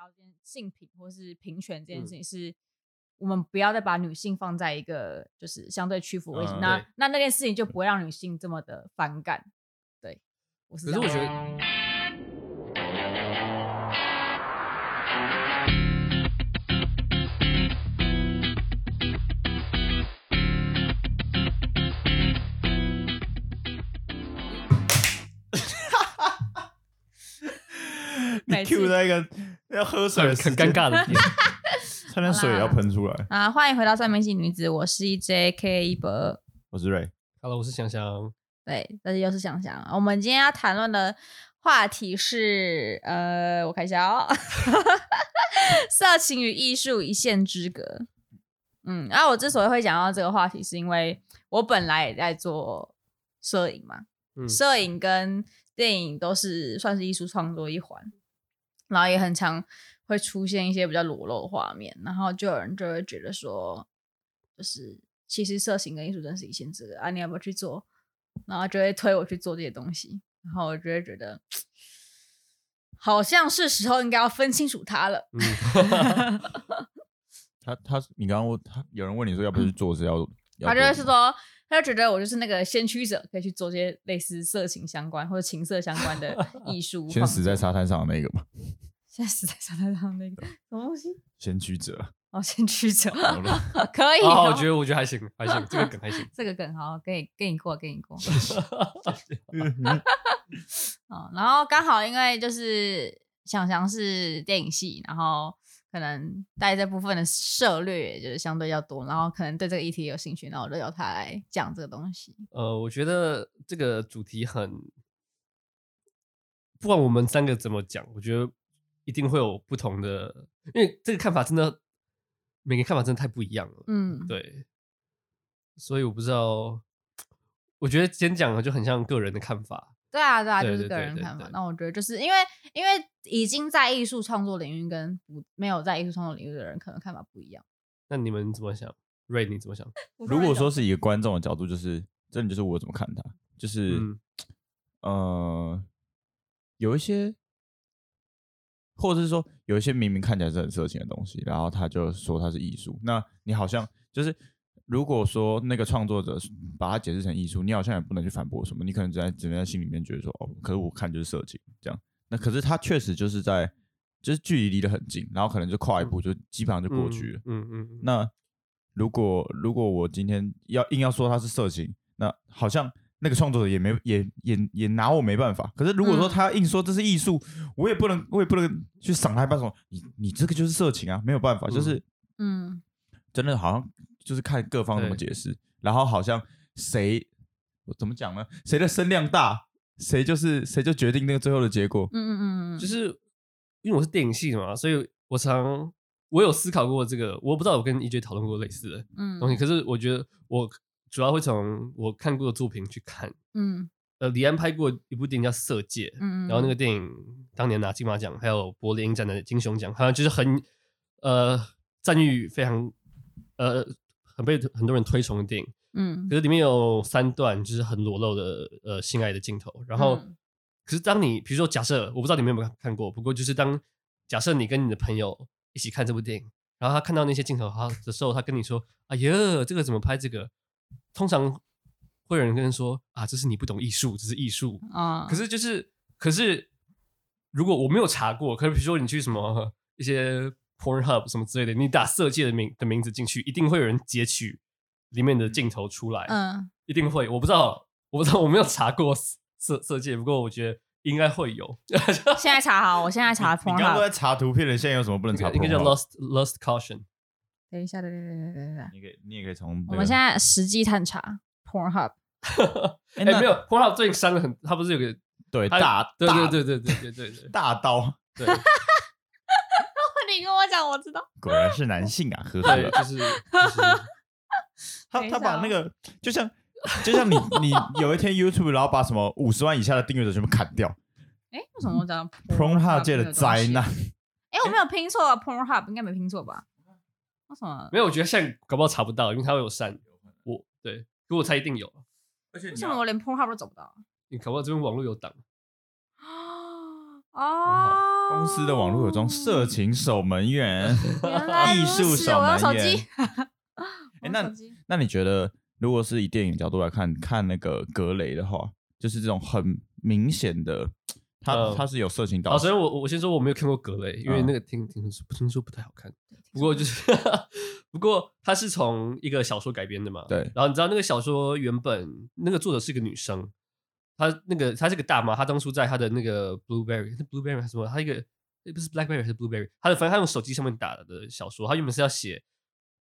條件性平或是平權這件事情，是我們不要再把女性放在一個就是相對屈服位置，嗯，那對那那件事情就不會讓女性這麼的反感。對，我是。可是我覺得， 嗯、你 cue 他要喝水很尷尬的點，差點 水也要噴出來啊！歡迎回到《雙面性女子》，我是 J.K. 一博。我是瑞，Hello，我是翔翔。對，大家又是翔翔。我們今天要談論的話題是，呃，我開銷， 色情與藝術一線之隔。嗯，然、啊、後我之所以會講到這個話題，是因為我本來也在做攝影嘛，攝、嗯、影跟電影都是算是藝術創作一環。然後也很常會出現一些比較裸露的畫面，然後就有人就會覺得說，就是其實色情跟藝術真的是一線之隔，啊，你要不要去做？然後就會推我去做這些東西，然後我就會覺得，好像是時候應該要分清楚它了。嗯、 他他，你剛剛問他有人問你說要不要去做是要？嗯、他就是說。他覺得我就是那個先驅者，可以去做些類似色情相關或者情色相關的藝術。先死在沙灘上的那個嗎？先死在沙灘上的那個對什麼東西？先驅者，哦，先驅者，了 可以。好、哦，我覺得我覺得還行， 還行，這個梗還行。這個梗好，給你給你過，給你過。 然後剛好因為就是翔翔是電影系，然後。可能大家這部分的涉獵也就是相對要多，然後可能對這個議題有興趣，然後我就由他來講這個東西。呃，我覺得這個主題很，不管我們三個怎麼講，我覺得一定會有不同的，因為這個看法真的，每個看法真的太不一樣了。嗯，對，所以我不知道，我覺得今天講的就很像個人的看法。對啊，對啊，就是個人看法。那我覺得就是因為，因為已經在藝術創作領域跟不沒有在藝術創作領域的人可能看法不一樣。那你們怎麼想？瑞，你怎麼想？ 想如果說是以一個觀眾的角度，就是真的就是我怎麼看他，就是嗯、呃、有一些，或者是說有一些明明看起來是很色情的東西，然後他就說他是藝術。那你好像就是。如果說那個創作者把它解釋成藝術，你好像也不能去反駁什麼，你可能只能只能在心裡面覺得說哦，可是我看就是色情這樣。那可是他確實就是在就是距離離得很近，然後可能就跨一步就、嗯、就基本上就過去了。嗯嗯。嗯嗯，那如果如果我今天要硬要說它是色情，那好像那個創作者也沒也也也拿我沒辦法。可是如果說他硬說這是藝術，我也不能我也不能去賞他一把說你你這個就是色情啊，沒有辦法，就是嗯，嗯，真的好像。就是看各方怎麼解釋，對然後好像誰怎麼講呢？誰的聲量大，誰就是誰就決定那個最後的結果。嗯嗯嗯嗯，就是因為我是電影系的嘛，所以我常我有思考過這個，我不知道我跟一 j 討論過類似的東西，嗯、可是我覺得我主要會從我看過的作品去看。嗯，呃，李安拍過一部電影叫《色戒》，嗯,嗯然後那個電影當年拿金馬獎，還有柏林展的金熊獎，好像就是很呃讚譽非常呃。很被很多人推崇的電影，嗯，可是裡面有三段就是很裸露的呃性愛的鏡頭。然後，嗯、可是當你比如說，假設我不知道你們有沒有看過，不過就是當假設你跟你的朋友一起看這部電影，然後他看到那些鏡頭呵的時候，他跟你說：“哎呀，這個怎麼拍？”這個通常會有人跟他說：“啊，這是你不懂藝術，這是藝術啊。”可是就是，可是如果我沒有查過，可是比如說你去什麼一些。PornHub 什麼之類的，你打色戒的名的名字進去，一定會有人截取裡面的鏡頭出來，嗯，一定會。我不知道，我不知道，我沒有查過色色戒，不過我覺得應該會有。現在查好，我現在查 PornHub。你剛剛都在查圖片了，現在有什麼不能查？應該叫 Lost Lost Caution。等一下，等，等，等，等，等，等，你可以，你也可以從我們現在實際探查 PornHub。哎，沒有 PornHub 最近刪了很，它不是有個對大，對對對對對大刀對。你跟我講，我知道。果然是男性啊， 呵呵，就是就是他他、啊、把那個就像就像你你有一天 YouTube 然後把什麼五十萬以下的訂閱者全部砍掉，哎、欸，為什麼我講到 Pornhub 界的災難？哎、欸，我沒有拼錯啊，Pornhub r、欸、應該沒拼錯吧？為什麼？沒有，我覺得現在搞不好查不到，因為它會有刪。我對，如果他一定有，而且你為什麼我連 Pornhub 都找不到？你搞不好這邊網絡有擋。啊啊。公司的網絡有裝色情守門員，藝術來守門員。哎，欸、那那你覺得，如果是以電影角度來看，看那個格雷的話，就是這種很明顯的，他他、呃、是有色情導。啊，所以我我先說我沒有看過格雷，因為那個聽聽說聽說不太好看。嗯、不過就是，呵呵不過它是從一個小說改編的嘛。對。然後你知道那個小說原本那個作者是一個女生。他那個，他是個大媽。他當初在他的那個 blueberry，blueberry 還是什麼？他一個也不是 blackberry 還是 blueberry？他的反正他用手機上面打的小說，他原本是要寫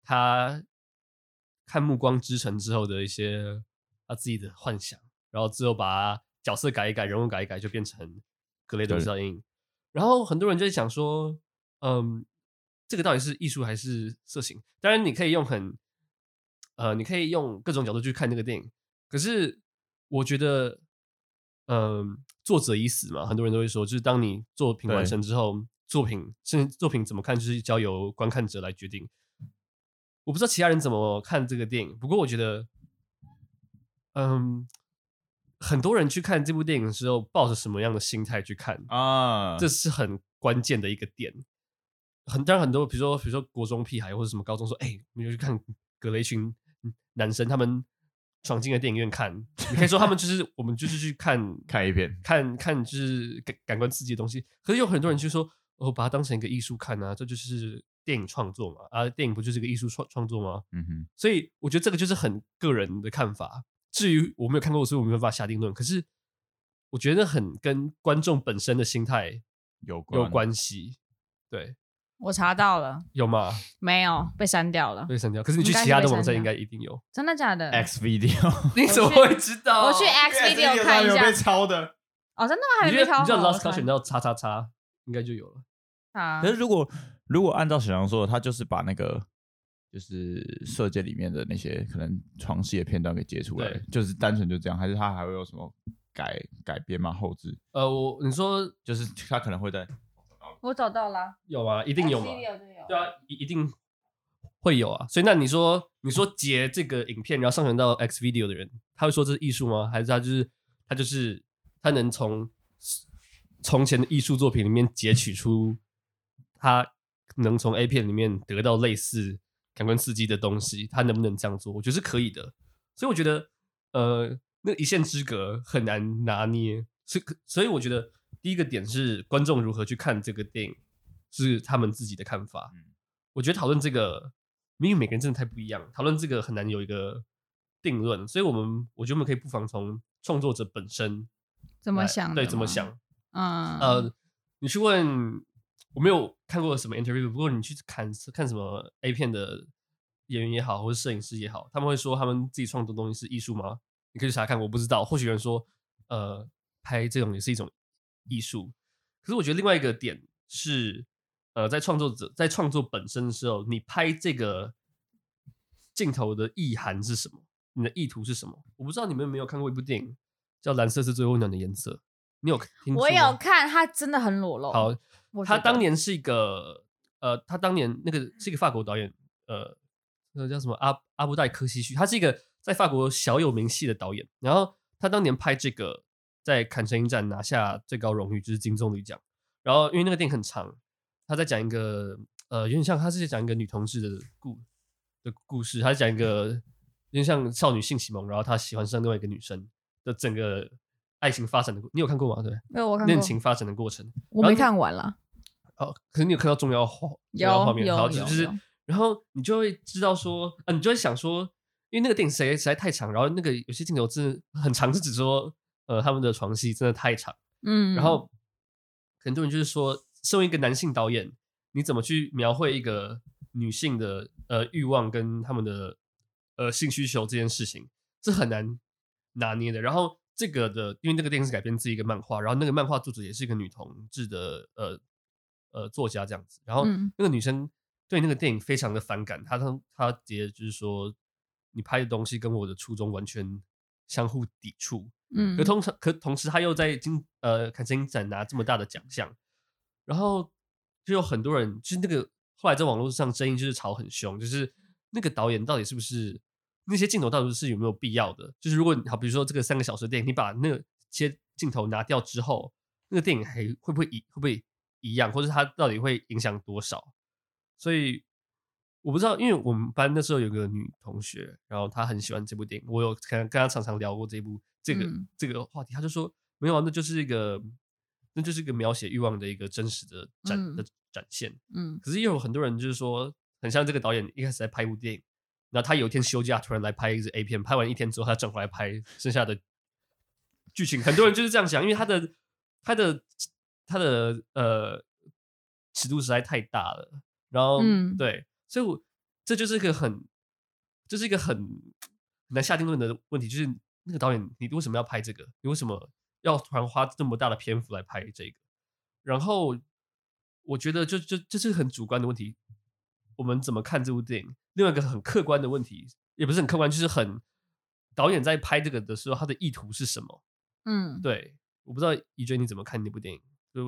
他看《暮光之城》之後的一些他自己的幻想，然後之後把角色改一改，人物改一改，就變成《格雷的上影》對。然後很多人就在想說，嗯，這個到底是藝術還是色情？當然，你可以用很呃，你可以用各種角度去看這個電影。可是我覺得。嗯，作者已死嘛，很多人都會說，就是當你作品完成之後，對作品甚至作品怎麼看，就是交由觀看者來決定。我不知道其他人怎麼看這個電影，不過我覺得，嗯，很多人去看這部電影的時候抱着什麼樣的心態去看啊？Uh. 這是很關鍵的一個點。很當然，很多比如說，比如說國中屁孩，或者什麼高中說，哎，我們就去看格雷，一群男生，他們。闖進了電影院看，你可以說他們就是我們就是去看 看一遍片，看看就是感感官刺激的東西。可是有很多人就說，哦，把它當成一個藝術看啊，這就是電影創作嘛，啊，電影不就是一個藝術創創作嗎？嗯哼，所以我覺得這個就是很個人的看法。至於我沒有看過，所以我沒有辦法下定論。可是我覺得很跟觀眾本身的心態有關有關係，對。我查到了，有嗎？沒有，被刪掉了。被刪掉，可是你去其他的網站應該一定有，真的假的？X Video， 去 你怎麼會知道？我去 X Video 看一下。有，沒有被抄的哦，真的嗎？因抄你。你知道 Lust Caution 選到叉叉叉，應該就有了。啊，可是如果如果按照小翔說的，他就是把那個就是色戒裡面的那些可能床戲的片段給截出來，對就是單純就這樣，還是他還會有什麼改改編嗎？後製？呃，我你說就是他可能會在。我找到了，有啊，一定有啊，就有，對啊，一定會有啊。所以那你說，你說截這個影片，然後上傳到 Xvideo 的人，他會說這是藝術嗎？還是他就是，他就是他能從從前的藝術作品裡面截取出他能從 A 片裡面得到類似感官刺激的東西？他能不能這樣做？我覺得是可以的。所以我覺得，呃，那一線之隔很難拿捏。所以，所以我覺得。第一個點是觀眾如何去看這個電影，是他們自己的看法。嗯，我覺得討論這個，因為每個人真的太不一樣，討論這個很難有一個定論。所以，我們我覺得我們可以不妨從創作者本身怎麼，怎麼想，對怎麼想。嗯，呃，uh, 你去問，我沒有看過什麼 interview，不過你去看看什麼 A 片的演員也好，或者攝影師也好，他們會說他們自己創作的東西是藝術嗎？你可以去查看，我不知道。或許有人說，呃，拍這種也是一種。藝術，可是我覺得另外一個點是，呃，在創作者在創作本身的時候，你拍這個鏡頭的意涵是什麼？你的意圖是什麼？我不知道你們有沒有看過一部電影叫《藍色是最溫暖的顏色》，你有聽過？我有看，他真的很裸露。好，他當年是一個，呃，他當年那個是一個法國導演，呃，那個叫什麼阿阿布戴柯西胥，他是一個在法國小有名氣的導演，然後他當年拍這個。在坎城影展拿下最高榮譽，就是金棕櫚獎。然後，因為那個電影很長，他在講一個呃，有點像他是在講一個女同志的故的故事，他在講一個有點像少女性啟蒙，然後他喜歡上另外一個女生的整個愛情發展的。你有看過嗎？對，沒有，我看。戀情發展的過程，我沒看完了。哦，可是你有看到重要畫，有重要畫面，然後就是，然後你就會知道說，啊，你就會想說，因為那個電影實在實在太長，然後那個有些鏡頭是很長，就只說。呃，他們的床戲真的太長，嗯，然後很多人就是說，身為一個男性導演，你怎麼去描繪一個女性的呃慾望跟他們的呃性需求這件事情是很難拿捏的。然後這個的，因為那個電影是改編自一個漫畫，然後那個漫畫作者也是一個女同志的呃呃作家這樣子。然後那個女生對那個電影非常的反感，她她她覺得就是說，你拍的東西跟我的初衷完全相互抵觸。嗯，可同，可通常，可同時他又在金呃坎城展拿這麼大的獎項，然後就有很多人，就是那個後來在網絡上爭議就是吵很凶，就是那個導演到底是不是那些鏡頭到底是有沒有必要的？就是如果好比如說這個三個小時的電影，你把那些鏡頭拿掉之後，那個電影還會不會一會不會一樣，或者它到底會影響多少？所以。我不知道，因為我們班那時候有個女同學，然後她很喜歡這部電影，我有跟跟她常常聊過這部這個、嗯、這個話題，她就說沒有啊，那就是一個那就是一個描寫慾望的一個真實的展、嗯、的展現，嗯，可是也有很多人就是說，很像這個導演一開始在拍一部電影，然後他有一天休假，突然來拍一支 A 片，拍完一天之後，他轉回來拍剩下的劇情，很多人就是這樣想，因為他的他的他的呃尺度實在太大了，然後、嗯、對。所以，我，這就是一個很，這、就是一個很難下定論的問題。就是那個導演，你為什麼要拍這個？你為什麼要突然花這麼大的篇幅來拍這個？然後，我覺得就，就就這是很主觀的問題。我們怎麼看這部電影？另外一個很客觀的問題，也不是很客觀，就是很，導演在拍這個的時候，他的意圖是什麼？嗯，對，我不知道伊娟你怎麼看那部電影？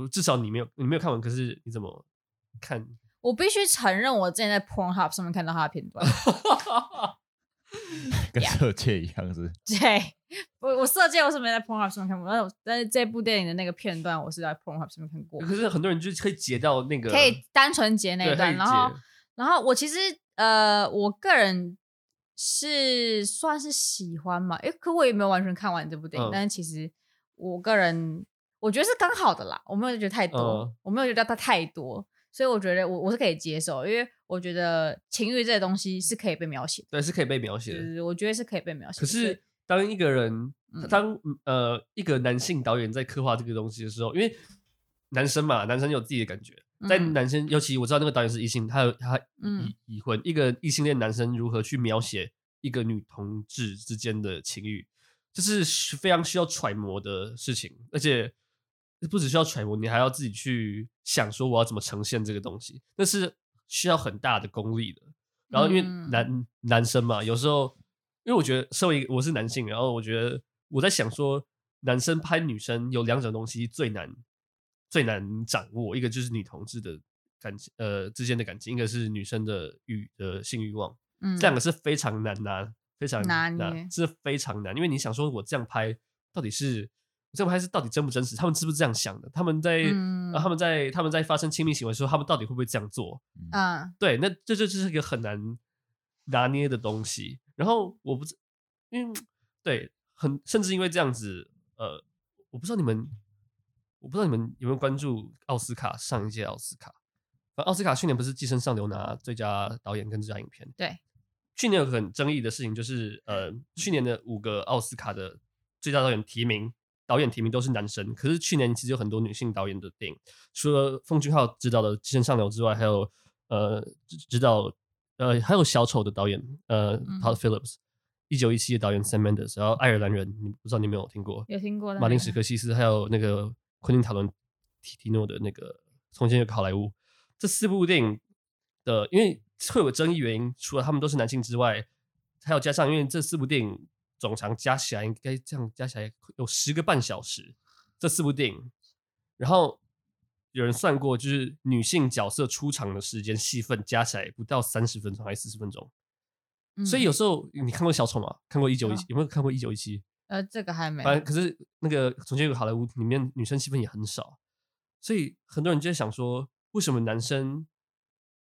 至少你沒有，你沒有看完，可是你怎麼看？我必須承認，我之前在 Pornhub 上面看到他的片段， 跟色戒一樣是。Yeah, 對，我我色戒我是沒在 Pornhub 上面看過，但是這部電影的那個片段，我是在 Pornhub 上面看過。可是很多人就是可以截到那個，可以單純截那一段，對，然後然後我其實呃，我個人是算是喜歡嘛，誒，可我也沒有完全看完這部電影，嗯、但是其實我個人我覺得是剛好的啦，我沒有覺得太多，嗯、我沒有覺得它太多。所以我覺得我我是可以接受，因為我覺得情欲這個東西是可以被描寫，對，是可以被描寫。對,對,對，我覺得是可以被描寫。可是當一個人，對當、嗯、呃一個男性導演在刻畫這個東西的時候，因為男生嘛，男生有自己的感覺。但男生，尤其我知道那個導演是異性，他他已、嗯、已婚，一個異性戀男生如何去描寫一個女同志之間的情欲，這是非常需要揣摩的事情，而且。不只需要揣摩，你還要自己去想說，我要怎麼呈現這個東西，那是需要很大的功力的。然後因為男、嗯、男生嘛，有時候因為我覺得身為我是男性，然後我覺得我在想說，男生拍女生有兩種東西最難最難掌握，一個就是女同志的感情，呃，之間的感情；一個是女生的欲呃性慾望。嗯，這兩個是非常難拿，非常難拿，這是非常難，因為你想說我這樣拍到底是。這我還是到底真不真實？他們是不是這樣想的？他們在，嗯啊、他們在，他們在發生親密行為的時候，他們到底會不會這樣做？嗯、對，那這就是一個很難拿捏的東西。然後我不，因、嗯、為對，很甚至因為這樣子，呃，我不知道你們，我不知道你們有沒有關注奧斯卡上一屆奧斯卡，奧斯,、啊、斯卡去年不是《寄生上流》拿最佳導演跟最佳影片？對，去年有個很爭議的事情就是，呃，去年的五個奧斯卡的最佳導演提名。導演提名都是男生，可是去年其實有很多女性導演的電影，除了奉俊昊執導的《寄生上流》之外，還有呃執導呃還有小丑的導演呃、嗯、Paul Phillips，一九一七的導演 Sam Mendes，然後愛爾蘭人，你、嗯、不知道你有沒有聽過？有聽過。馬丁史克西斯，還有那個昆汀塔倫提提諾的那個從前的好萊塢，這四部電影的，因為會有爭議原因，除了他們都是男性之外，還有加上因為這四部電影。總長加起來應該這樣加起來有十個半小時，這四部電影，然後有人算過，就是女性角色出場的時間戲份加起來不到三十分鐘、嗯，還四十分鐘。所以有時候你看過小丑嗎？看過一九一七？有沒有看過一九一七？呃，這個還沒。反正可是那個從前有個好萊塢裡面女生戲份也很少，所以很多人就在想說，為什麼男生，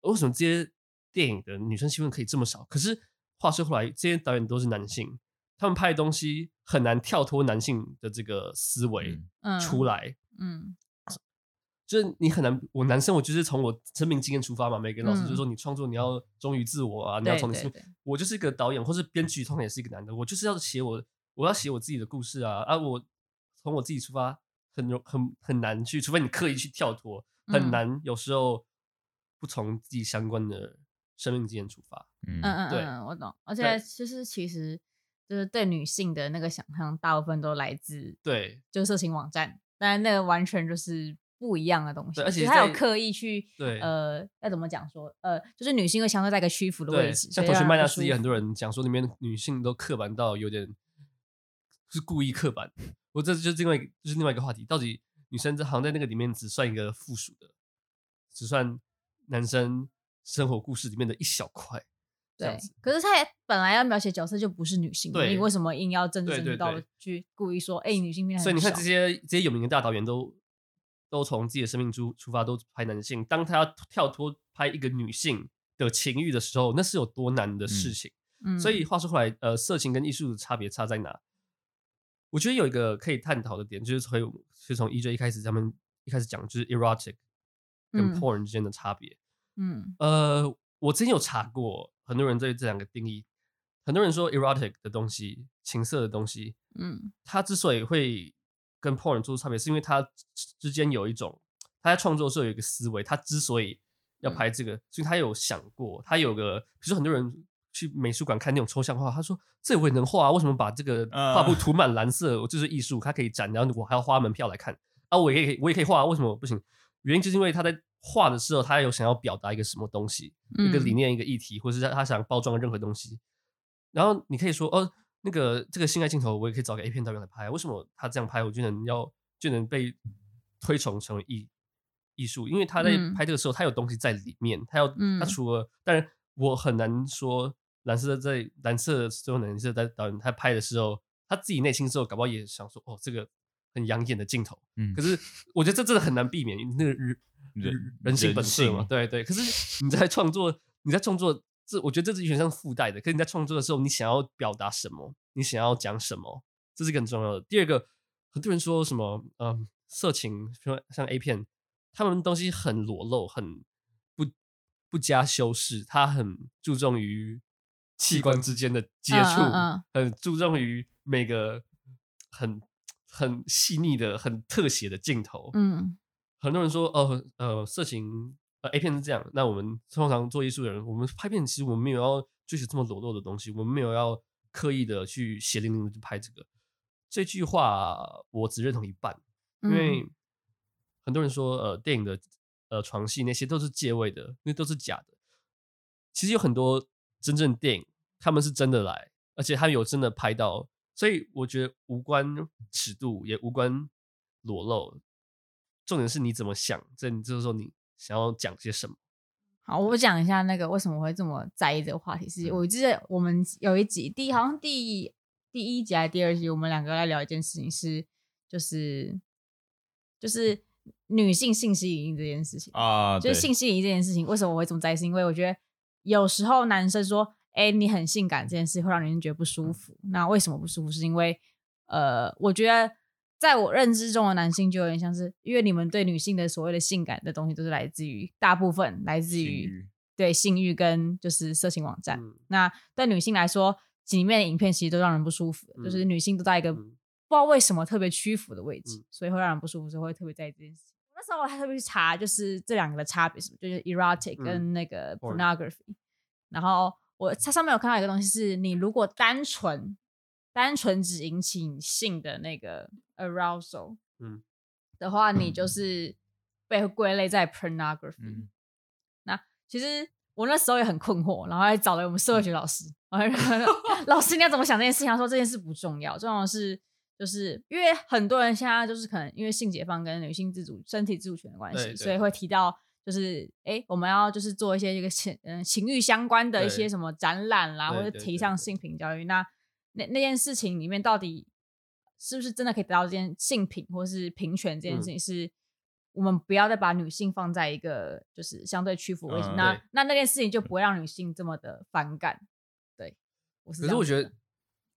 為什麼這些電影的女生戲份可以這麼少？可是話說回來，這些導演都是男性。他們拍的東西很難跳脫男性的這個思維出來嗯，嗯，嗯，就是你很難，我男生，我就是從我生命經驗出發嘛。每個老師就是說你創作你要忠於自我啊。嗯、你要從你身，對對對，我就是一個導演，或是編劇，通常也是一個男的。我就是要寫我，我要寫我自己的故事啊啊！我從我自己出發很，很很很難去，除非你刻意去跳脫，嗯、很難。有時候不從自己相關的生命經驗出發，嗯嗯嗯，對嗯嗯，我懂。而且就是其實其實。就是對女性的那個想象，大部分都來自對，就色情網站，對但那個完全就是不一樣的東西，而且對他有刻意去對，呃，對要怎麼講說，呃，就是女性會相對在一個屈服的位置。對像同學麥娜絲也很多人講說，裡面女性都刻板到有點是故意刻板。我這就是另外，就是另外一個話題，到底女生在行在那個裡面只算一個附屬的，只算男生生活故事裡面的一小塊。對，可是他也本來要描寫角色就不是女性，對你為什麼硬要真正到去故意說，哎、欸，女性變？所以你看這些這些有名的大導演都都從自己的生命出出發，都拍男性。當他要跳脫拍一個女性的情欲的時候，那是有多難的事情。嗯，所以話說回來，呃，色情跟藝術的差別差在哪？我覺得有一個可以探討的點，就是從是從 EJ 一開始他們一開始講就是 erotic 跟 porn 之間的差別。嗯，呃，我之前有查過。很多人對這兩個定義，很多人說 erotic 的東西，情色的東西，嗯，他之所以會跟 porn 做出差別，是因為他之間有一種，他在創作的時候有一個思維，他之所以要拍這個，嗯、所以他有想過，他有個，比如說很多人去美術館看那種抽象畫，他說這我也能畫、啊，為什麼把這個畫布塗滿藍色，我就是藝術，它可以展，然後我還要花門票來看，啊，我也可以，我也可以畫、啊，為什麼不行？原因就是因為他在。畫的時候，他有想要表達一個什麼東西、嗯、一個理念、一個議題，或者是他他想包裝的任何東西。然後你可以說，哦，那個這個性愛鏡頭，我也可以找個 A 片導演來拍。為什麼他這樣拍，我就能要就能被推崇成為藝藝術？因為他在拍這個時候，嗯、他有東西在裡面。他要他除了，當然、嗯、我很難說藍色在藍色的顏色在導演他拍的時候，他自己內心時候搞不好也想說，哦，這個很養眼的鏡頭。嗯、可是我覺得這真的很難避免，那個日。人，人性本質嘛，對對。可是你在創作，你在創作這，我覺得這只是像附帶的。可是你在創作的時候，你想要表達什麼？你想要講什麼？這是很重要的。第二個，很多人說什麼，嗯、呃，色情，說像 A 片，他們東西很裸露，很不不加修飾，它很注重於器官之間的接觸，啊啊啊啊很注重於每個很很細膩的、很特寫的鏡頭，嗯。很多人說，呃呃，色情呃 A 片是這樣。那我們通常做藝術的人，我們拍片其實我們沒有要追求這麼裸露的東西，我們沒有要刻意的去血淋淋的去拍這個。這句話我只認同一半，因為很多人說，呃，電影的呃床戲那些都是借位的，那些都是假的。其實有很多真正電影，他們是真的來，而且他有真的拍到。所以我覺得無關尺度，也無關裸露。重點是你怎麼想，這就是說你想要講些什麼。好，我講一下那個為什麼我會這麼在意這個話題是。是對我記得我們有一集，第好像第一第一集還是第二集，我們兩個來聊一件事情是，是就是就是女性性吸引這件事情啊，就是性吸引這件事情，啊、事情為什麼我會這麼在意？是因為我覺得有時候男生說“哎、欸，你很性感”這件事會讓女生覺得不舒服。嗯、那為什麼不舒服？是因為呃，我覺得。在我認知中的男性就有點像是，因為你們對女性的所謂的性感的東西都是來自於大部分來自於對性欲跟就是色情網站。嗯、那對女性來說，裡面的影片其實都讓人不舒服、嗯、就是女性都在一個不知道為什麼特別屈服的位置，嗯、所以會讓人不舒服，所以會特別在意這件事。那時候我還特別去查就別，就是這兩個的差別，就是 erotic 跟那個 pornography。嗯、然後我它上面有看到一個東西，是你如果單純。單純只引起性的那個 arousal，嗯，的話，嗯、你就是被歸類在 pornography。嗯、那其實我那時候也很困惑，然後還找了我們社會學老師，老師，你要怎麼想這件事情？他說這件事不重要，重要的是就是因為很多人現在就是可能因為性解放跟女性自主、身體自主權的關係，對對所以會提到就是哎，我們要就是做一些這個情嗯、呃、情欲相關的一些什麼展覽啦，對或者提倡性平教育對對對對那。那那件事情裡面到底是不是真的可以得到這件性平，或是平權這件事情，是我們不要再把女性放在一個就是相對屈服位置，嗯、那對那那件事情就不會讓女性這麼的反感。對，我是。可是我覺得，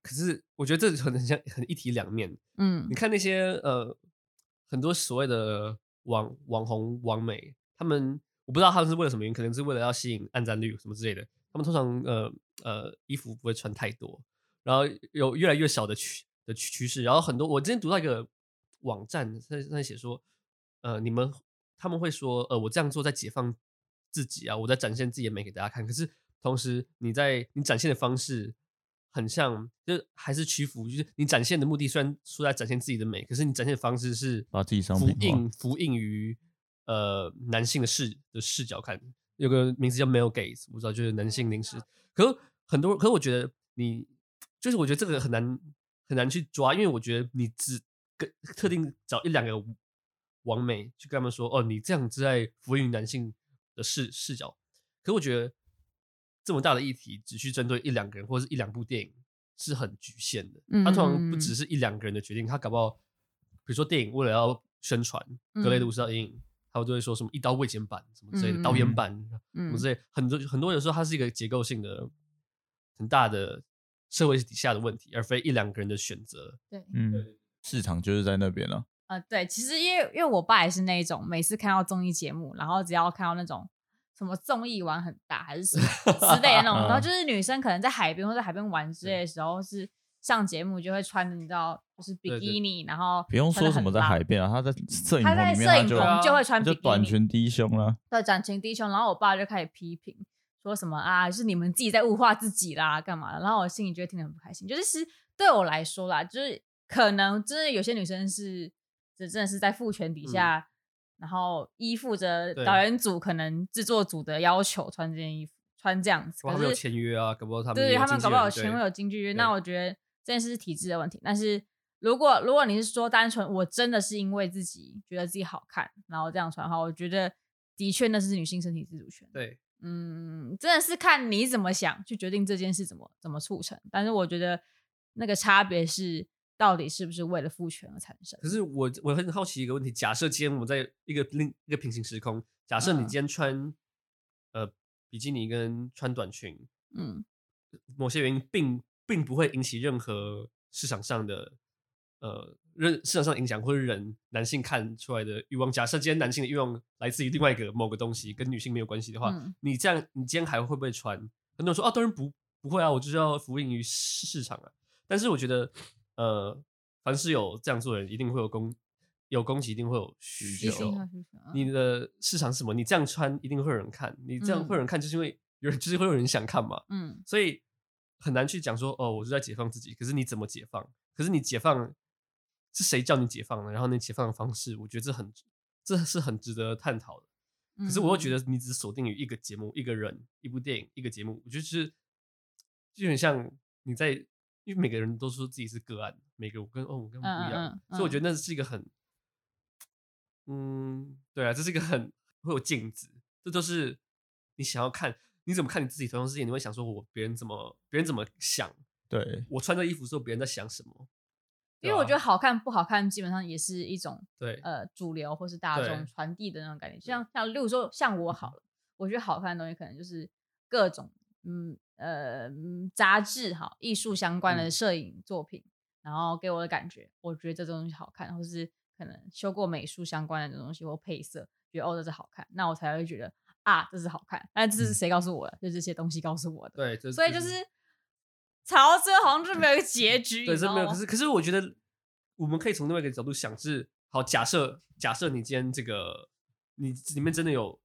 可是我覺得這可能像很一體兩面。嗯，你看那些呃很多所謂的網網紅網美，他們我不知道他們是為了什麼原因，可能是為了要吸引按讚率什麼之類的。他們通常呃呃衣服不會穿太多。然後有越來越小的趨的趨勢，然後很多我之前讀到一個網站在上面寫說，呃，你們他們會說，呃，我這樣做在解放自己啊，我在展現自己的美給大家看。可是同時你在你展現的方式很像，就還是屈服，就是你展現的目的雖然說在展現自己的美，可是你展現的方式是，把自己上，服膺服膺於呃男性的視的、就是、視角看，有個名字叫 male gaze，我不知道就是男性凝視有。可很多可我覺得你。就是我覺得這個很難很難去抓，因為我覺得你只跟特定找一兩個網美去跟他們說哦，你這樣子在服務於男性的視、視角。可是我覺得這麼大的議題，只去針對一兩個人或者是一兩部電影是很局限的。他通常不只是一兩個人的決定，他搞不好比如說電影為了要宣傳《格雷的五十道陰影》嗯，他們都會說什麼一刀未剪版什麼之類的、導演、嗯、版、嗯、什麼之類，很多很多人說它是一個結構性的很大的。社會是底下的問題，而非一兩個人的選擇。對，嗯，對市場就是在那邊了，啊。啊、呃，對，其實因為因為我爸也是那種，每次看到綜藝節目，然後只要看到那種什麼綜藝玩很大還是什麼之類的那種，然後就是女生可能在海邊或者在海邊玩之類的時候，嗯、是上節目就會穿你知道，就是比基尼，對對，然後不用說什麼在海邊啊，他在攝影棚裡面棚就，啊、就會穿比基尼就短裙低胸啊，對，短裙低胸，然後我爸就開始批評。說什麼啊，就是你們自己在物化自己啦，幹嘛的？然後我心裡覺得聽得很不開心。就是其實對我來說啦，就是可能真的有些女生是，這真的是在父權底下，嗯、然後依附着導演組、可能製作組的要求穿這件衣服、對穿這樣子。可是他們有簽約啊，搞不好他們對，他們搞不好我全會有簽約有經紀約。那我覺得這件事是體制的問題。但是如果如果你是說單純我真的是因為自己覺得自己好看，然後這樣穿的話，我覺得的確那是女性身體自主權。對。嗯，真的是看你怎麼想，去決定這件事怎麼怎麼促成。但是我覺得那個差別是，到底是不是為了父權而產生的？可是我我很好奇一個問題，假設今天我們在一個另一個平行時空，假設你今天穿、嗯、呃比基尼跟穿短裙，嗯，某些原因並並不會引起任何市場上的呃。認市場上影響或者人男性看出來的欲望，假設今天男性的欲望來自於另外一個某個東西，跟女性沒有關係的話，嗯、你這樣，你今天還會不會穿？很多人說啊，當然不，不會啊，我就是要服務於市場啊。但是我覺得，呃，凡是有這樣做的人，一定會有供，有供給一定會有需求。 你的市場是什麼？你這樣穿，一定會有人看。你這樣會有人看，就是因為有人，嗯、就是會有人想看嘛。嗯，所以很難去講說，哦，我是在解放自己。可是你怎麼解放？可是你解放。是誰叫你解放的？然後你解放的方式，我覺得這很，這是很值得探討的。可是我又覺得你只鎖定於一個節目、一個人、一部電影、一個節目，我覺得、就是，就很像你在，因為每個人都說自己是個案，每個我跟、哦、我跟我不一樣，uh, uh, uh, uh. 所以我覺得那是一個很，嗯，對啊，這是一個很會有鏡子，這都是你想要看，你怎麼看你自己？同樣，事情，你會想說，我別人怎麼，別人怎麼想？對我穿着衣服的時候，別人在想什麼？因為我覺得好看不好看，基本上也是一種對呃主流或是大眾傳遞的那種感覺。像對像，例如說像我好了，我覺得好看的東西可能就是各種嗯呃雜誌哈，藝術相關的攝影作品，嗯、然後給我的感覺，我覺得這東西好看，或是可能修過美術相關的東西或配色，覺得哦這是好看，那我才會覺得啊這是好看，那這是誰告訴我的？嗯、就這些東西告訴我的，對就是、所以就是。朝着好像就沒有一個結局，嗯、對，是沒有。可是，可是我覺得我們可以從另外一個角度想，是，好，假設假設你今天這個你裡面真的有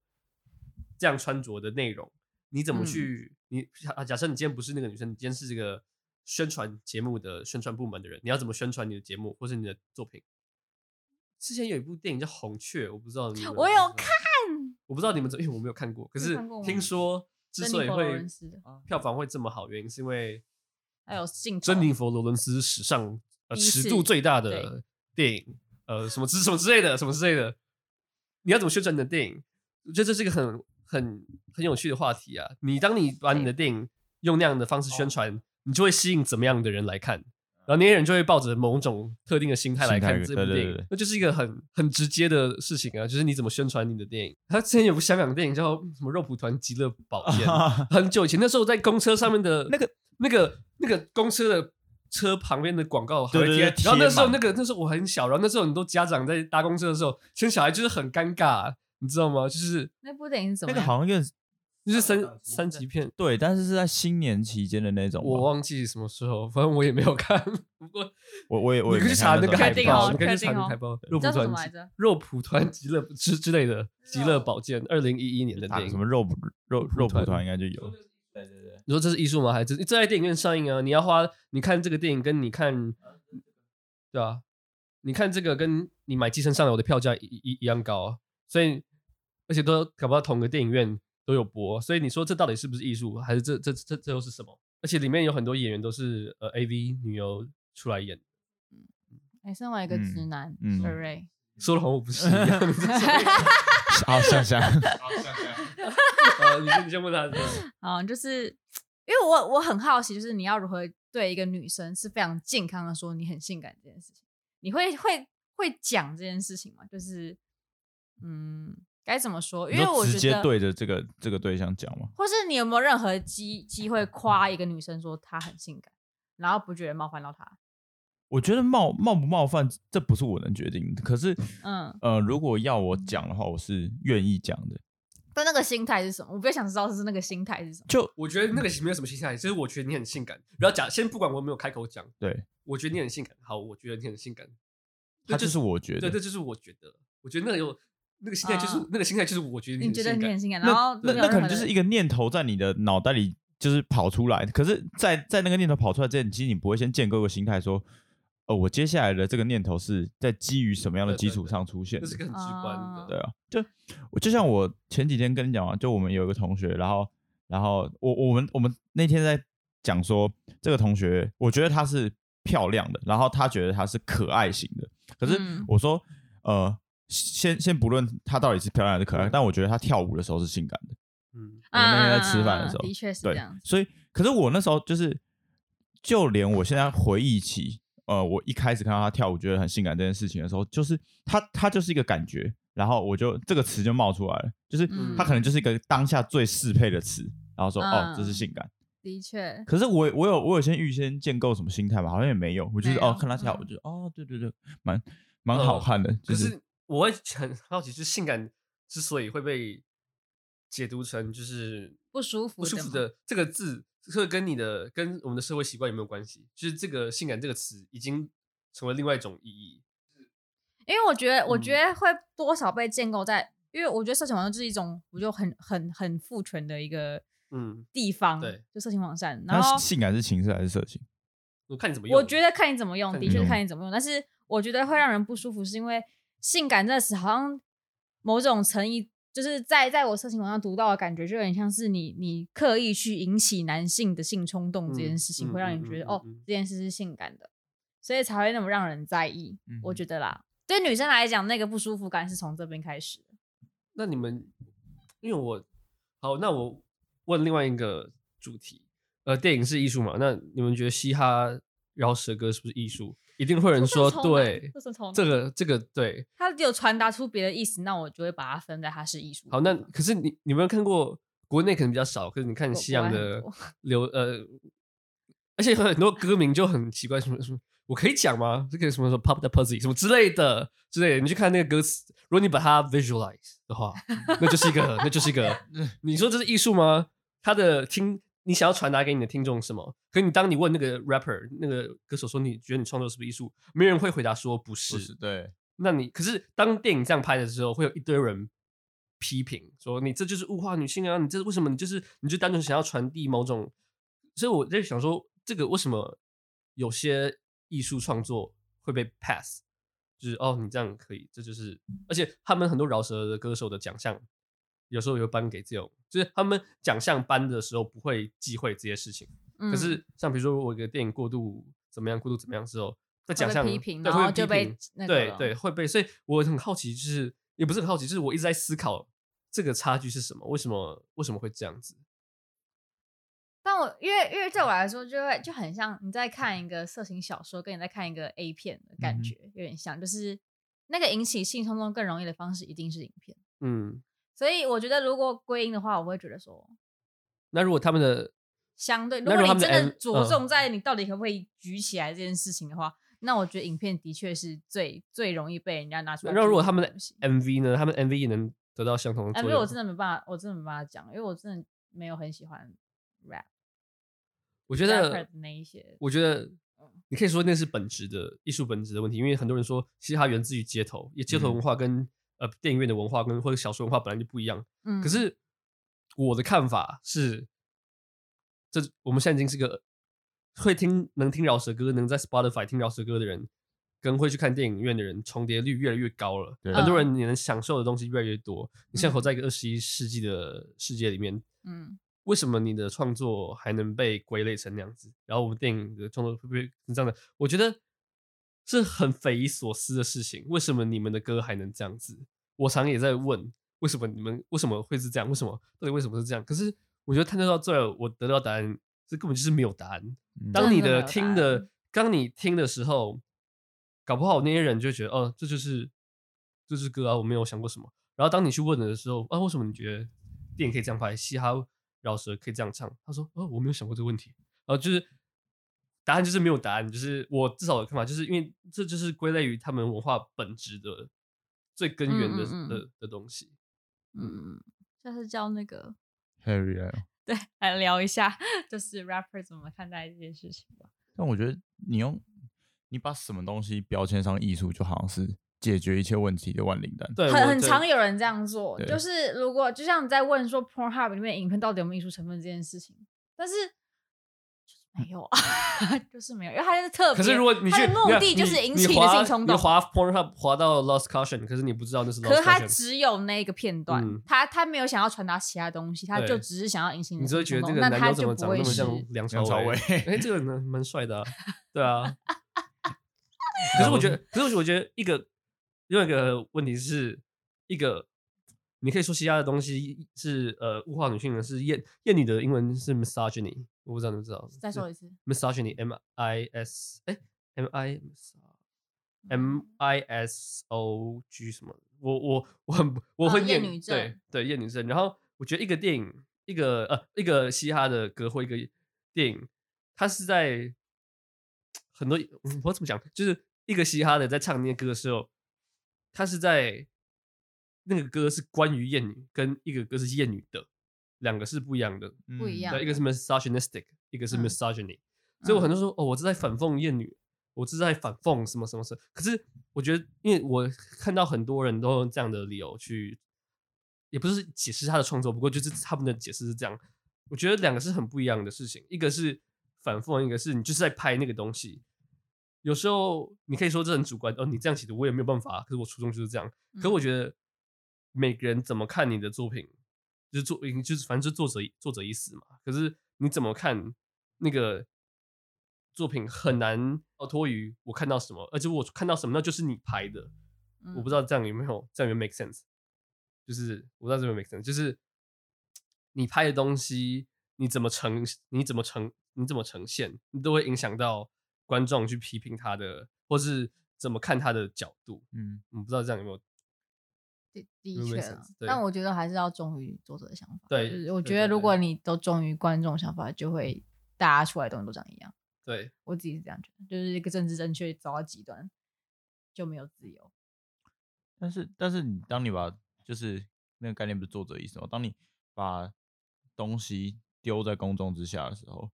這樣穿着的內容，你怎麼去？嗯、你、啊、假設你今天不是那個女生，你今天是這個宣傳節目的宣傳部門的人，你要怎麼宣傳你的節目或者你的作品？之前有一部電影叫《紅雀》，我不知道你們有沒有，我有看，我不知道你們怎麼，因、欸、為我沒有看過。可是聽說之所以會票房會這麼好，原因是因為。還有性珍妮佛·勞倫斯史上，呃，尺度最大的電影，呃，什麼之什麼之類的，什麼之類的。你要怎麼宣傳你的電影？我覺得這是一個很很很有趣的話題啊！你當你把你的電影用那樣的方式宣傳，你就會吸引怎麼樣的人來看？然後那些人就會抱着某種特定的心態來看這部電影。那就是一個很很直接的事情啊！就是你怎麼宣傳你的電影？他之前有部香港電影叫什麼《肉蒲團·極樂寶鑑》，很久以前那時候在公車上面的那個。那個那個公車的車旁邊的廣告，然後那時候那個那時候我很小，然後那時候很多家長在搭公車的時候生小孩就是很尷尬，你知道嗎？就是那部電影怎麼？那個好像又是就是三三級片，對，但是是在新年期間的那種。我忘記什麼時候，反正我也沒有看。不過我我也我也。你可以去查那個海報，你可以查海報叫什麼來着？肉蒲團肉蒲團極樂之之類的《極樂寶鑑》，二零一一年的電影，什麼肉肉肉蒲團應該就有。你說這是藝術嗎？還是這在電影院上映啊？你要花你看這個電影，跟你看，對啊，你看這個，跟你買寄生上流的票價一一一樣高啊。所以，而且都搞不好同個電影院都有播。所以你說這到底是不是藝術？還是這這這這，這又是什麼？而且裡面有很多演員都是呃 AV 女優出來演。還身為一個直男，sorry，、嗯、位說的很我不是一樣。 好翔翔，好翔翔，哦，你先你先問他啊，就是因為我我很好奇，就是你要如何對一個女生是非常健康的說你很性感這件事情，你會會會講這件事情嗎？就是嗯，該怎麼說？因為我直接對着這個這個對象講嗎？或是你有沒有任何機機會誇一個女生說她很性感，然後不覺得冒犯到她？我覺得冒冒不冒犯，這不是我能決定的。可是，嗯，呃，如果要我講的話，我是願意講的。嗯、但那個心態是什麼？我不要想知道，是那個心態是什麼？就我覺得那個沒有什麼心態，就是我覺得你很性感。不要講，先不管我沒有開口講。對，我覺得你很性感。好，我覺得你很性感。他、就是、就是我覺得，對，這就是我覺得。我覺得那個有那個心態，就是、啊、那個心態，就是我覺得你，你覺得你很性感。然後那那，那可能就是一個念頭在你的腦袋裡就是跑出來。可是在，在在那個念頭跑出來之前，其實你不會先建構個心態說。哦、呃，我接下來的這個念頭是在基於什麼樣的基礎上出現？這是很直觀的，對啊。就就像我前幾天跟你講啊，就我們有一個同學，然後，然後我我們我們那天在講說這個同學，我覺得她是漂亮的，然後她覺得她是可愛型的。可是我說，嗯、呃，先先不論她到底是漂亮還是可愛，嗯、但我覺得她跳舞的時候是性感的。嗯，我那天在吃飯的時候，啊啊啊啊啊的確是這樣。所以，可是我那時候就是，就連我現在回憶起。呃，我一開始看到他跳舞覺得很性感這件事情的時候，就是他他就是一個感覺，然後我就這個詞就冒出來了，就是他可能就是一個當下最適配的詞，然後說、嗯、哦，這是性感。嗯、的確。可是我我有我有先預先建構什麼心態吧，好像也沒有，我就是沒有哦，看他跳舞就、嗯、哦，對對對，蠻蠻好看的。嗯、就是，可是我會很好奇，就是性感之所以會被解讀成就是不舒服的這個字，這跟你的跟我們的社會習慣有沒有關係？就是這個“性感”這個詞已經成為另外一種意義。是。因為我覺得，嗯、我覺得會多少被建構在，因為我覺得色情網站就是一種，我就很很很父權的一個嗯地方，嗯、對，就色情網站。然後性感是情色還是色情？我看你怎麼用。我覺得看你怎麼用，的確看你怎麼用。嗯、但是我覺得會讓人不舒服，是因為性感這個詞好像某種層意。就是在在我色情網上讀到的感覺，就有點像是你你刻意去引起男性的性衝動這件事情，會讓你覺得、嗯嗯嗯嗯嗯、哦，這件事是性感的，所以才會那麼讓人在意。嗯、我覺得啦，對女生來講，那個不舒服感是從這邊開始。那你們，因為我好，那我問另外一個主題，呃，電影是藝術嗎？那你們覺得嘻哈饒舌歌是不是藝術？一定會有人說，對這、這個，這個這個對，他有傳達出別的意思，那我就會把它分在他是藝術。好，那可是你你沒有看過國內可能比較少，可是你看西洋的流呃，而且有很多歌名就很奇怪，什麼什麼我可以講嗎？這個什麼什麼 pop the pussy 什麼之類的，之類的，你去看那個歌詞，如果你把它 visualize 的話 那，那就是一個那就是一個，你說這是藝術嗎？他的聽。你想要傳達給你的聽眾什麼？可是你當你問那個 rapper 那個歌手說，你覺得你創作是不是藝術？沒人會回答說不是。不是對。那你可是當電影這樣拍的時候，會有一堆人批評說，你這就是物化女性啊！你這是為什麼你就是你就單純想要傳遞某種。所以我在想說，這個為什麼有些藝術創作會被 pass？就是哦，你這樣可以，這就是，而且他們很多饒舌的歌手的獎項。有時候也會頒給這種，就是他們獎項頒的時候不會忌諱這些事情。嗯、可是像比如說，我一個電影過度怎麼樣，過度怎麼樣之後，獎項會，會，會批評，然後就被那對對會被。所以我很好奇，就是也不是很好奇，就是我一直在思考這個差距是什麼，為什麼為什麼會這樣子？但我因為因為對我來說就，就會就很像你在看一個色情小說，跟你在看一個 A 片的感覺、嗯、哼有點像，就是那個引起性衝動更容易的方式，一定是影片。嗯。所以我覺得，如果歸因的話，我會覺得說，那如果他們的相對，如果，M，如果你真的着重在你到底可不可以舉起來這件事情的話，嗯、那我覺得影片的確是最最容易被人家拿出來。那如果他們的 MV 呢？嗯、他們的 MV 也能得到相同的？哎，沒有，我真的沒辦法，我真的沒辦法講，因為我真的沒有很喜歡 rap。我覺得那一些，我覺得，覺得你可以說那是本質的、嗯、藝術本質的問題，因為很多人說，其實它源自於街頭，因為街頭文化跟、嗯。呃，電影院的文化跟或者小說文化本來就不一樣。嗯，可是我的看法是，這我們現在已經是個會聽能聽饒舌歌、能在 Spotify 聽饒舌歌的人，跟會去看電影院的人重疊率越來越高了。對，很多人你能享受的東西越來越多。嗯，你現在活在一個二十一世紀的世界裡面，嗯，為什麼你的創作還能被歸類成那樣子？然後我們電影的創作會不會是這樣的？我覺得。是很匪夷所思的事情，為什麼你們的歌還能這樣子？我常也在問，為什麼你們為什麼會是這樣？為什麼到底為什麼是這樣？可是我覺得探究到最後，我得到答案，這根本就是沒有答案。嗯、當你的聽的，當你聽的時候，搞不好那些人就覺得，哦，這就是這支歌啊，我沒有想過什麼。然後當你去問的時候，啊，為什麼你覺得電影可以這樣拍，嘻哈饒舌可以這樣唱？他說，哦，我沒有想過這個問題。然後就是。答案就是沒有答案，就是我至少的看法，就是因為這就是歸類於他們文化本質的最根源的、嗯嗯、的的東西。嗯，就是叫那個 Harry 來對來聊一下，就是 rapper 怎麼看待這件事情吧。但我覺得你用你把什麼東西標籤上藝術，就好像是解決一切問題的萬靈丹。很很常有人這樣做，對就是如果就像你在問說 Pornhub 裡面影片到底有沒有藝術成分這件事情，但是。沒有啊，就是沒有，因為他是特別。可是如果你去目的地就是引起你的性衝動，你，你，你，滑你滑 Pornhub 滑到 Lust, Caution，可是你不知道那是 Lust, Caution。可是他只有那個片段，嗯、他他沒有想要傳達其他東西，他就只是想要引起你的性，對動你就覺得這個男的怎麼長那麼像梁朝偉？哎朝、 欸，這個蠻蠻帥的、啊，對啊。 可是我覺得， 可是我覺得一個，另外一個問題是，一個。你可以說嘻哈的東西是呃物化女性的，是厭厭女的英文是 misogyny，我不知道你們知道。再說一次，misogyny，m i s，哎、欸、，m i m s，m i s o g 什麼？我我我很我會厭，啊、厭女症對，對，厭女症。然後我覺得一個電影，一個呃一個嘻哈的歌或一個電影，它是在很多我怎麼講，就是一個嘻哈的在唱那些歌的時候，它是在。那個歌是關於厭女，跟一個歌是厭女的，兩個是不一樣的，不一樣的、嗯。一個是 misogynistic，一個是 misogyny。嗯、所以我很多時候，哦，我是在反諷厭女，我是在反諷什麼什麼什麼。可是我覺得，因為我看到很多人都用這樣的理由去，也不是解釋他的創作，不過就是他們的解釋是這樣。我覺得兩個是很不一樣的事情，一個是反諷，一個是你就是在拍那個東西。有時候你可以說這很主觀，哦，你這樣寫，我也沒有辦法。可是我初衷就是這樣。可是我覺得。嗯每個人怎麼看你的作品，就是作就是反正就作者作者已死嘛。可是你怎麼看那個作品，很難逃脫於我看到什麼，而且我看到什麼那就是你拍的。我不知道這樣有沒有這樣有沒有 make sense？就是我不知道這樣有沒有 make sense？就是你拍的東西，你怎麼呈你怎麼呈你怎麼呈現，你都會影響到觀眾去批評他的，或是怎麼看他的角度。嗯，我不知道這樣有沒有。的的確，但我覺得還是要忠於作者的想法。對，我覺得如果你都忠於觀眾想法，就會大家出來的東西都長一樣。對，我自己是這樣覺得，就是一個政治正確走到極端就沒有自由。但是，但是你當你把就是那個概念不是作者意思嗎？當你把東西丟在公眾之下的時候，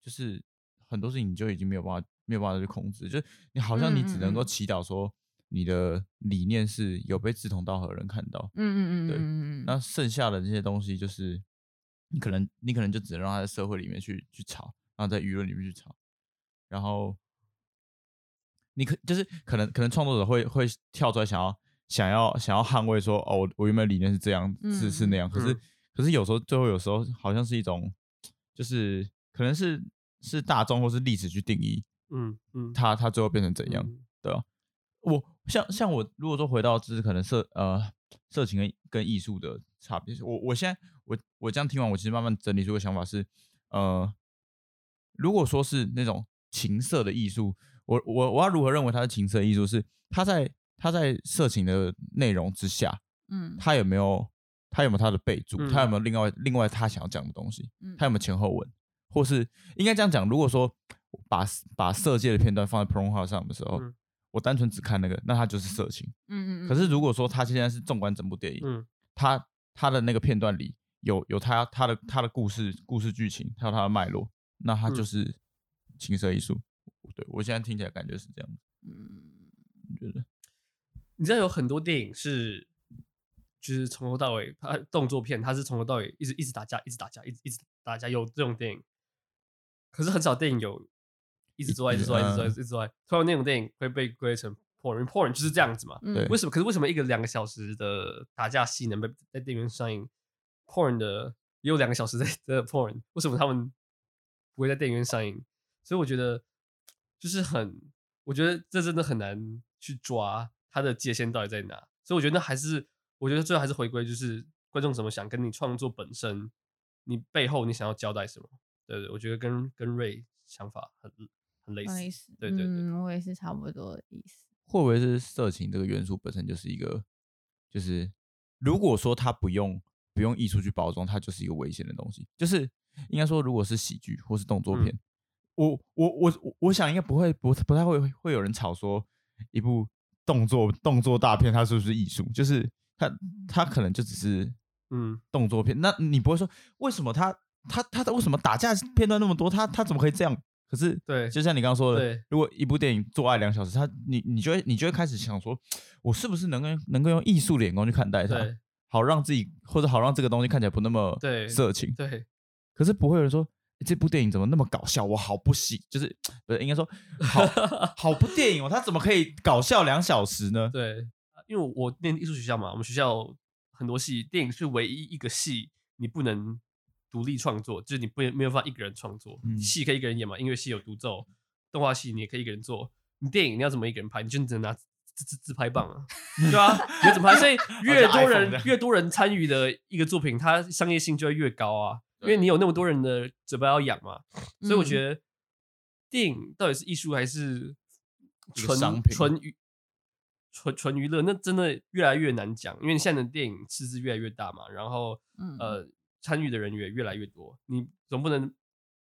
就是很多事情你就已經沒有辦法沒有辦法去控制，就是你好像你只能夠祈禱說。你的理念是有被志同道合的人看到，嗯嗯嗯，對，嗯、那剩下的這些東西就是，你可能你可能就只能讓他在社會裡面去去吵，然後在輿論裡面去吵，然後你可就是可能可能創作者會會跳出來想要想要想要捍衛說，哦我，我原本理念是這樣、嗯、是是那樣，可是、嗯、可是有時候最後有時候好像是一種就是可能是是大眾或是歷史去定義，嗯嗯，嗯他他最後變成怎樣的、對啊，我。像像我如果說回到就是可能色呃色情跟跟藝術的差別，我我現在我我這樣聽完，我其實慢慢整理出個想法是，呃，如果說是那種情色的藝術，我我我要如何認為它是情色藝術？是他在他在色情的內容之下，嗯，他有沒有他有沒有他的備註？他、嗯啊、有沒有另外另外他想要講的東西？他有沒有前後文？或是應該這樣講？如果說把把色戒的片段放在 Pornhub 上的時候。嗯我單純只看那個，那他就是色情。嗯嗯哼。可是如果說他現在是縱觀整部電影，嗯，他他的那個片段裡有有他他的他的故事故事劇情，還有他的脈絡，那他就是情色藝術。嗯、對，我現在聽起來感覺是這樣。嗯，你覺得？你知道有很多電影是，就是從頭到尾，他動作片他是從頭到尾一直一直打架，一直打架，一直一直打架，有這種電影。可是很少電影有。一直做，一直做，一直做，一直做，突然、嗯、那種電影會被歸成 porn，porn 就是這樣子嘛？對。嗯、為什麼？可是為什麼一個兩個小時的打架戲能被在電影院上映對？porn 的也有兩個小時在在 porn，為什麼他們不會在電影院上映？所以我覺得，就是很，我覺得這真的很難去抓它的界限到底在哪。所以我覺得還是，我覺得最後還是回歸，就是觀眾怎麼想跟你創作本身，你背後你想要交代什麼？對對,對？我覺得跟跟瑞想法很。類似，ace, 對對,對,對、嗯，我也是差不多的意思。會不會是色情這個元素本身就是一個，就是如果說它不用不用藝術去包裝，它就是一個危險的東西。就是應該說，如果是喜劇或是動作片，嗯、我我我我想應該不會不不太會會有人吵說一部動作動作大片它是不是藝術？就是它它可能就只是嗯動作片，嗯、那你不會說為什麼他他他的為什麼打架片段那麼多？他他怎麼可以這樣？可是，對，就像你剛剛說的，對如果一部電影做愛兩小時，他，你，你就會你就會開始想說，我是不是能夠能夠用藝術的眼光去看待它，對好讓自己或者好讓這個東西看起來不那麼色情。對。對，可是不會有人說、欸、這部電影怎麼那麼搞笑，我好不喜。就是不是不應該說好好不電影哦，他 怎麼可以搞笑兩小時呢？對，因為我念藝術學校嘛，我們學校很多戲，電影是唯一一個戲，你不能。獨立創作就是你不沒有辦法一個人創作，戲、嗯、可以一個人演嘛？音樂戲有獨奏，動畫戲你也可以一個人做。你電影你要怎麼一個人拍？你就只能拿自自自，自拍棒啊， 對吧、啊？你要怎麼拍？ 所以越多人越多人參與的一個作品，它商業性就會越高啊，對因為你有那麼多人的嘴巴要養嘛。嗯、所以我覺得電影到底是藝術還是純純娛純純娛樂？那真的越來越難講，因為現在的電影赤字越來越大嘛。然後、嗯、呃。參與的人員越來越多，你總不能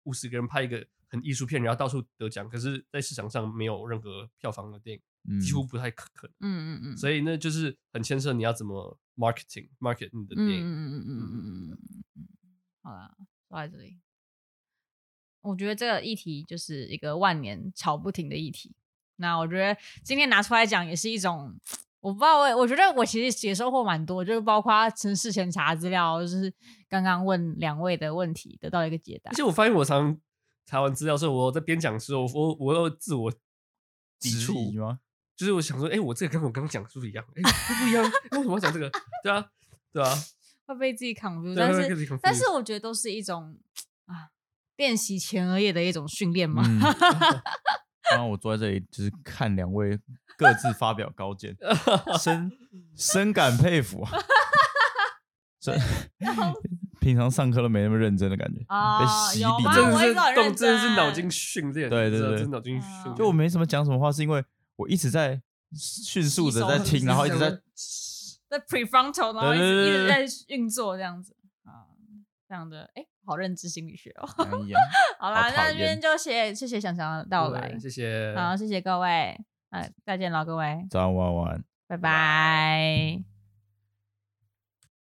五十個人拍一個很藝術片，然後到處得獎，可是在市場上沒有任何票房的電影，幾乎不太可能。嗯嗯嗯，所以那就是很牽涉你要怎麼 marketing marketing 的電影。嗯嗯嗯嗯嗯嗯，嗯，嗯，嗯，嗯好了，說到這裡，我覺得這個議題就是一個萬年吵不停的議題。那我覺得今天拿出來講也是一種。我不知道我，我我覺得我其實也收穫蠻多，就是包括從事前查資料，就是剛剛問兩位的問題得到一個解答。其實我發現我常常查完資料之後，所以我在邊講的時候，我我有自我抵觸就是我想說，哎，我這個跟我剛剛講的不是一樣，哎，這不一樣，為什麼要講這個？ 對啊，對啊，會 被自己扛住，但是 被自己扛住但是我覺得都是一種啊，練習前額葉的一種訓練嘛。嗯哦 剛剛我坐在這裡，就是看兩位各自發表高見，深深感佩服啊！平常上課都沒那麼認真的感覺，被洗禮，真的是動真的是腦筋訓練，對對對，就我沒什麼講什麼話，是因為我一直在迅速的在聽，然後一直在在 prefrontal，然後一直一直在運作這樣子啊，這樣的誒。好，認知心理學哦。好， 好啦，好那這邊就謝，謝謝翔翔到來，謝謝，好、嗯，謝謝各位，哎、呃，再見了，各位，早安晚安，拜拜 bye。